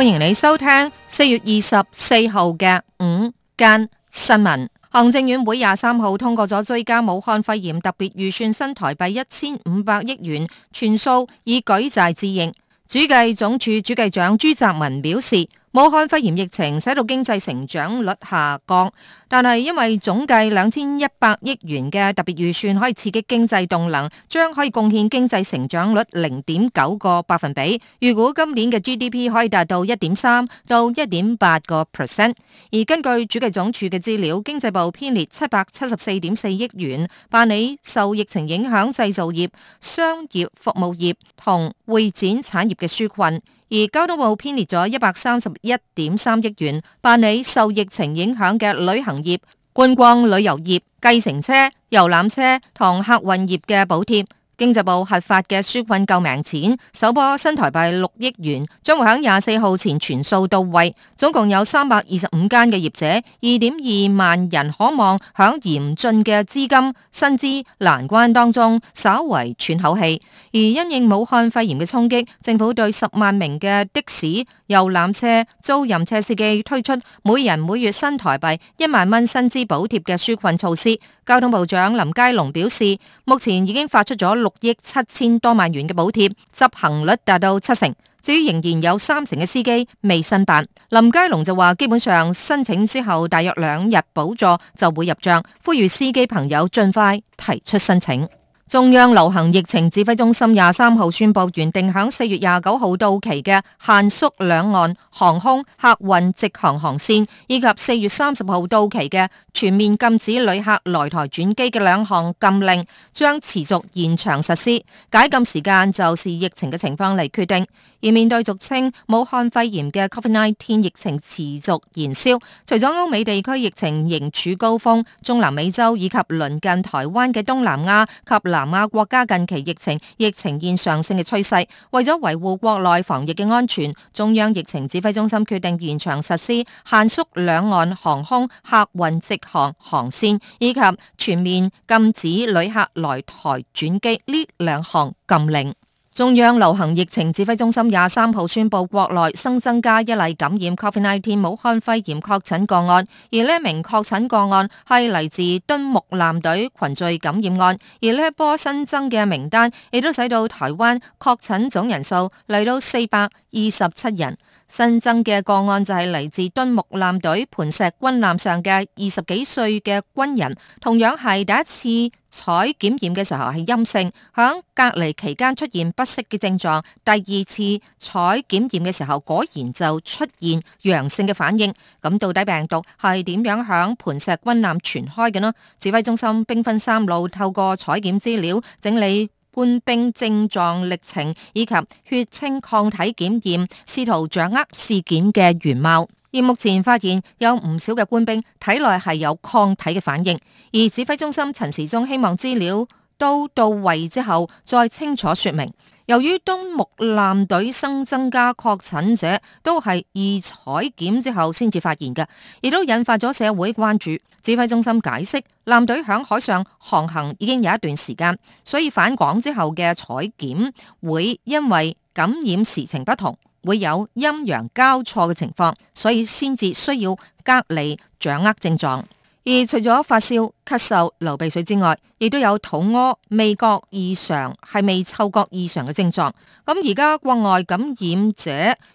歡迎你收聽四月二十四號嘅午間新聞。行政院會廿三號通過咗追加武漢肺炎特別預算，新台幣一千五百億元，全數以舉債支應。主計總處主計長朱澤文表示。武漢肺炎疫情使到經濟成長率下降，但係因為總計兩千一百億元嘅特別預算可以刺激經濟動能，將可以貢獻經濟成長率零點九個百分比。預估今年嘅 GDP 可以達到一點三到一點八個 percent，而根據主計總署嘅資料，經濟部編列七百七十四點四億元辦理受疫情影響製造業、商業服務業同會展產業嘅紓困。而交通部編列咗一百三十一點三億元，辦理受疫情影響嘅旅行業、觀光旅遊業、計程車、遊覽車同客運業嘅補貼。經濟部核發嘅紓困救命錢首波新台幣六億元，將會喺廿四號前全數到位，總共有三百二十五間嘅業者，二點二萬人可望喺嚴峻嘅資金薪資難關當中稍為喘口氣。而因應武漢肺炎嘅衝擊，政府對十萬名嘅的的士、遊覽車、租賃車司機推出每人每月新台幣一萬蚊薪資補貼嘅紓困措施。交通部長林佳龍表示，目前已經發出咗六億七千多萬元嘅補貼，執行率達到七成。至於仍然有三成嘅司機未申辦，林佳龍就話，基本上申請之後大約兩日補助就會入賬，呼籲司機朋友盡快提出申請。中央流行疫情指揮中心廿三號宣布，原定喺四月廿九號到期嘅限縮兩岸航空客運直航航線，以及四月三十號到期嘅全面禁止旅客來台轉機嘅兩項禁令，將持續延長實施，解禁時間就視疫情嘅情況嚟決定。而面對俗稱武漢肺炎嘅 Covid-19 疫情持續延燒，除咗歐美地區疫情仍處高峰，中南美洲以及鄰近台灣嘅東南亞及南亞國家近期疫情亦呈現上升嘅趨勢，為咗維護國內防疫嘅安全，中央疫情指揮中心決定延長實施限縮兩岸航空客運直航航線，以及全面禁止旅客來台轉機呢兩項禁令。中央流行疫情指揮中心廿三號宣布，國內新增加一例感染 COVID-19 武漢肺炎確診個案，而呢一名確診個案係嚟自敦睦艦隊群聚感染案，而呢一波新增嘅名單亦都使到台灣確診總人數嚟到四百二十七人。新增嘅個案就係嚟自敦睦艦隊磐石軍艦上嘅二十幾歲嘅軍人，同樣係第一次採檢驗嘅時候係陰性，響隔離期間出現不適嘅症狀，第二次採檢驗嘅時候果然就出現陽性嘅反應。咁到底病毒係點樣響磐石軍艦傳開嘅呢？指揮中心兵分三路，透過採檢資料整理。官兵症狀歷程以及血清抗體檢驗，試圖掌握事件嘅原貌。而目前發現有唔少嘅官兵體內係有抗體嘅反應。而指揮中心陳時中希望資料都到位之後再清楚說明。由於敦睦艦隊新增加確診者都係二採檢之後先至發現嘅，亦都引發咗社會關注。指揮中心解釋，艦隊喺海上航行已經有一段時間，所以返港之後嘅採檢會因為感染時程不同，會有陰陽交錯嘅情況，所以先至需要隔離，掌握症狀。而除咗發燒、咳嗽、流鼻水之外，亦都有肚屙、味覺異常係未嗅覺異常嘅症狀。咁而家國外感染者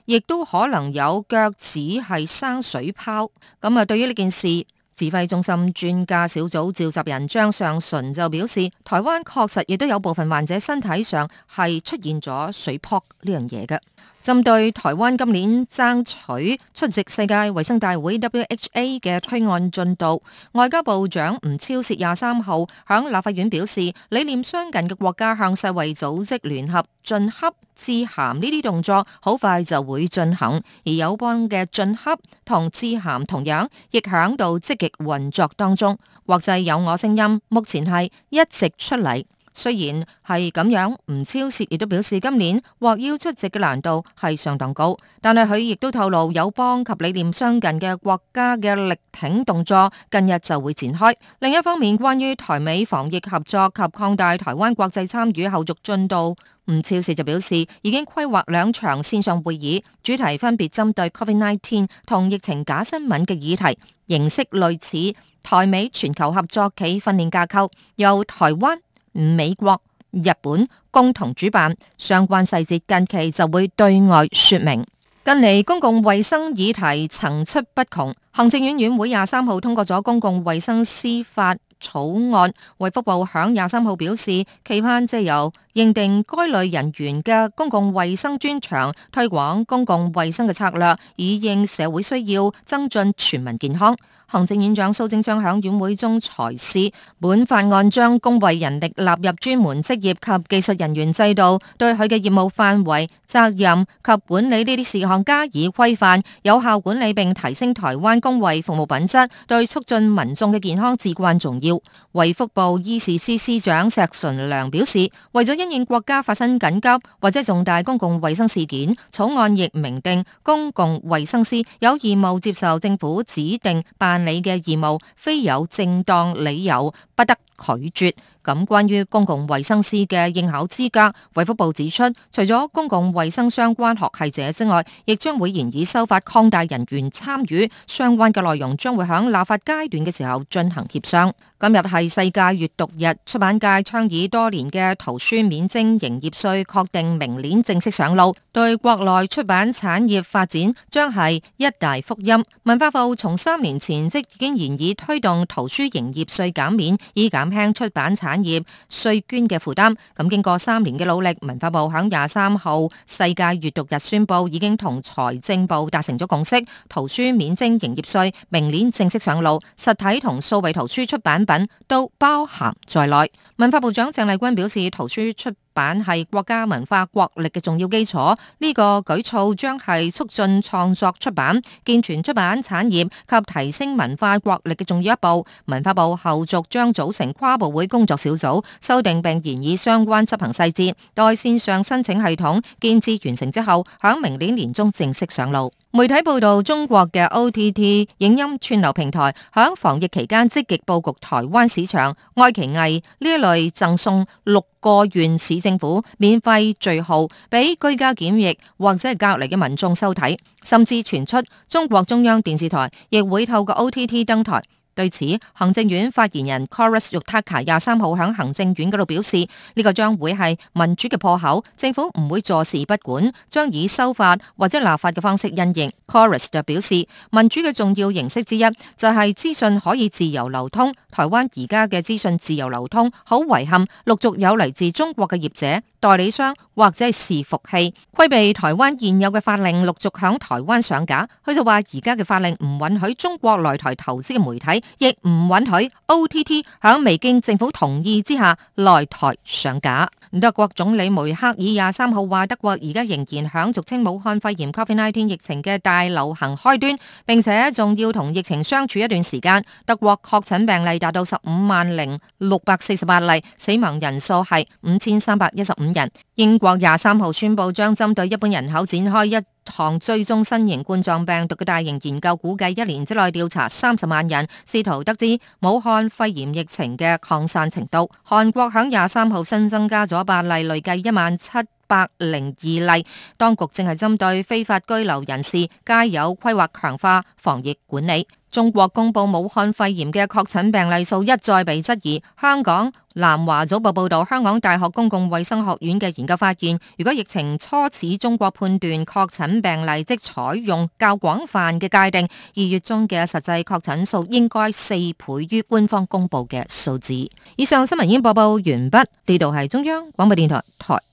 亦都可能有腳趾係生水泡。咁啊，對於呢件事，指揮中心專家小組召集人張上淳就表示，台灣確實亦都有部分患者身體上係出現咗水泡呢樣嘢嘅。針對台灣今年爭取出席世界衛生大會 （WHA） 嘅推案進度，外交部長吳釗燮廿三號響立法院表示，理念相近嘅國家向世衛組織聯合進洽「致函呢啲動作，好快就會進行；而有關嘅進洽」同致函同樣亦響度積極運作當中，或者有我聲音，目前係一直出嚟。雖然係咁樣，吳釗燮亦都表示今年獲邀出席嘅難度係相當高，但係佢亦都透露友邦及理念相近嘅國家嘅力挺動作近日就會展開。另一方面，關於台美防疫合作及擴大台灣國際參與後續進度，吳釗燮就表示已經規劃兩場線上會議，主題分別針對 Covid Nineteen 同疫情假新聞嘅議題，形式類似台美全球合作暨訓練架構，由台灣、美國、日本共同主辦，相關細節近期就會對外說明。近嚟公共衛生議題層出不窮，行政院院會廿三號通過咗公共衛生師法草案。衛福部響廿三號表示，期盼藉由認定該類人員嘅公共衛生專長，推廣公共衛生嘅策略，以應社會需要，增進全民健康。行政院長蘇貞昌響院會中裁示，本法案將公衛人力納入專門職業及技術人員制度，對佢嘅業務範圍、責任及管理呢啲事項加以規範，有效管理並提升台灣公衛服務品質，對促進民眾嘅健康至關重要。衛福部醫事司司長石純良表示，為咗一因應國家發生緊急或者重大公共衛生事件，草案亦明定公共衛生師有義務接受政府指定辦理嘅義務，非有正當理由不得拒絕。咁，關於公共衛生師嘅應考資格，衛福部指出，除咗公共衛生相關學系者之外，亦將會研議修法擴大人員參與，相關嘅內容將會響立法階段嘅時候進行協商。今日係世界閱讀日，出版界倡議多年嘅圖書免徵營業稅，確定明年正式上路，對國內出版產業發展將係一大福音。文化部從三年前即已經研議推動圖書營業稅減免，以減減輕出版產業稅捐嘅負擔，咁經過三年嘅努力，文化部喺廿三號世界閱讀日宣布，已經同財政部達成咗共識，圖書免徵營業稅，明年正式上路，實體同數位圖書出版品都包含在內。文化部長鄭麗君表示，圖書出版係國家文化國力嘅重要基礎，呢、這個舉措將係促進創作出版、健全出版產業，業及提升文化國力嘅重要一步。文化部後續將組成跨部會工作小組，修訂並研擬相關執行細節，待線上申請系統建設完成之後，響明年年中正式上路。媒體報道，中國嘅 OTT 影音串流平台響防疫期間積極布局台灣市場，愛奇藝呢一類贈送六個縣市政府免費序號，俾居家檢疫或者係隔離嘅民眾收睇，甚至傳出中國中央電視台亦會透過 OTT 登台。對此，行政院發言人 Kolas Yotaka 廿三號喺行政院嗰度表示：呢、這個將會係民主嘅破口，政府唔會坐視不管，將以修法或者立法嘅方式因應。Kolas 又表示，民主嘅重要形式之一就係資訊可以自由流通。台灣而家嘅資訊自由流通，好遺憾，陸續有嚟自中國嘅業者、代理商或者係伺服器，規避台灣現有嘅法令，陸續響台灣上架。佢就話：而家嘅法令唔允許中國來台投資嘅媒體。亦唔允許 OTT 響未經政府同意之下來台上架。德國總理梅克爾廿三號話：德國而家仍然響俗稱武漢肺炎 （COVID-19） 疫情嘅大流行開端，並且仲要同疫情相處一段時間。德國確診病例達到十五萬零六百四十八例，死亡人數係五千三百一十五人。英國廿三號宣布將針對一般人口展開一行最終新型冠狀病毒嘅大型研究，估計一年之內調查三十萬人，試圖得知武漢肺炎疫情嘅擴散程度。韓國響廿三號新增加咗八例，累計一萬七百零二例，當局正係針對非法居留人士，皆有規劃強化防疫管理。中國公布武漢肺炎嘅確診病例數一再被質疑。香港南華早報報道，香港大學公共衛生學院嘅研究發現，如果疫情初始中國判斷確診病例即採用較廣泛嘅界定，二月中嘅實際確診病例數應該四倍於官方公布嘅數字。以上新聞已經播報完畢，呢度係中央廣播電台台。